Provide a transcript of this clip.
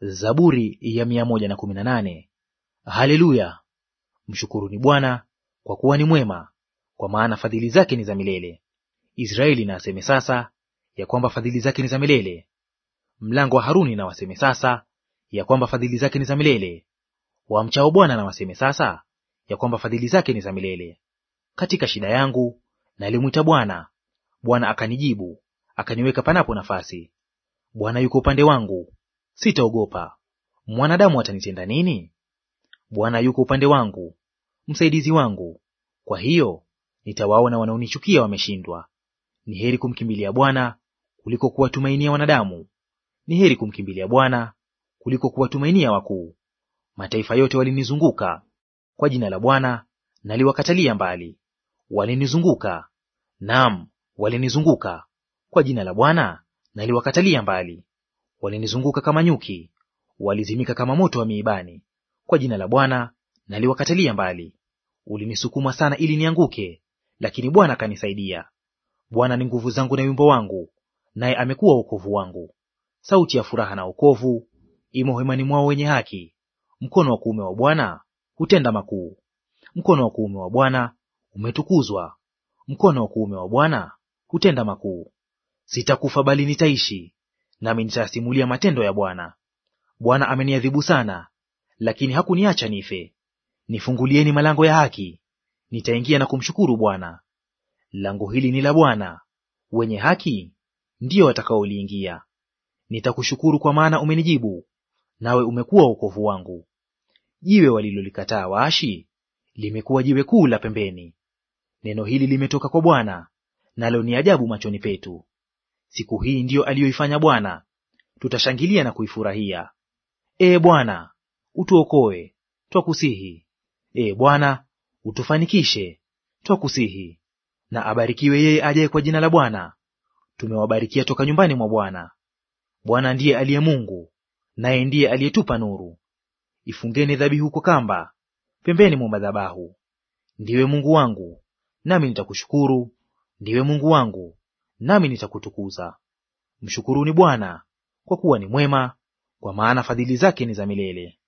Zaburi ya 118. Haleluya! Mshukuruni Bwana kwa kuwa ni mwema, kwa maana fadhili zake ni za milele. Israeli na aseme sasa ya kwamba fadhili zake ni za milele. Mlango wa Haruni na waseme sasa ya kwamba fadhili zake ni za milele. Wamchao Bwana na waseme sasa ya kwamba fadhili zake ni za milele. Katika shida yangu nalimwita Bwana, Bwana akanijibu, akaniweka panapo nafasi. Bwana yuko upande wangu, Sitaogopa. Mwanadamu atanitenda nini? Bwana yuko upande wangu, msaidizi wangu; kwa hiyo nitawaona wanaonichukia wameshindwa. Ni heri kumkimbilia Bwana kuliko kuwatumainia wanadamu; ni heri kumkimbilia Bwana kuliko kuwatumainia wakuu. Mataifa yote walinizunguka, kwa jina la Bwana naliwakatalia mbali. Walinizunguka, naam, walinizunguka, kwa jina la Bwana naliwakatalia mbali walinizunguka kama nyuki, walizimika kama moto wa miibani. Kwa jina la Bwana naliwakatalia mbali. Ulinisukuma sana ili nianguke, lakini Bwana akanisaidia. Bwana ni nguvu zangu na wimbo wangu, naye amekuwa wokovu wangu. Sauti ya furaha na wokovu imo hemani mwao wenye haki. Mkono wa kuume wa Bwana hutenda makuu. Mkono wa kuume wa Bwana umetukuzwa. Mkono wa kuume wa Bwana hutenda makuu. Sitakufa bali nitaishi, nami nitayasimulia matendo ya Bwana. Bwana ameniadhibu sana, lakini hakuniacha nife. Nifungulieni malango ya haki, nitaingia na kumshukuru Bwana. Lango hili ni la Bwana, wenye haki ndiyo watakaoliingia. Nitakushukuru kwa maana umenijibu, nawe umekuwa wokovu wangu. Jiwe walilolikataa waashi limekuwa jiwe kuu la pembeni. Neno hili limetoka kwa Bwana, nalo ni ajabu machoni petu. Siku hii ndiyo aliyoifanya Bwana, tutashangilia na kuifurahia. Ee Bwana, utuokoe, twakusihi. Ee Bwana, utufanikishe, twakusihi. Na abarikiwe yeye ajaye kwa jina la Bwana. Tumewabarikia toka nyumbani mwa Bwana. Bwana ndiye aliye Mungu, naye ndiye aliyetupa nuru. Ifungeni dhabihu kwa kamba pembeni mwa madhabahu. Ndiwe Mungu wangu, nami nitakushukuru; ndiwe Mungu wangu, nami nitakutukuza. Mshukuruni Bwana kwa kuwa ni mwema, kwa maana fadhili zake ni za milele.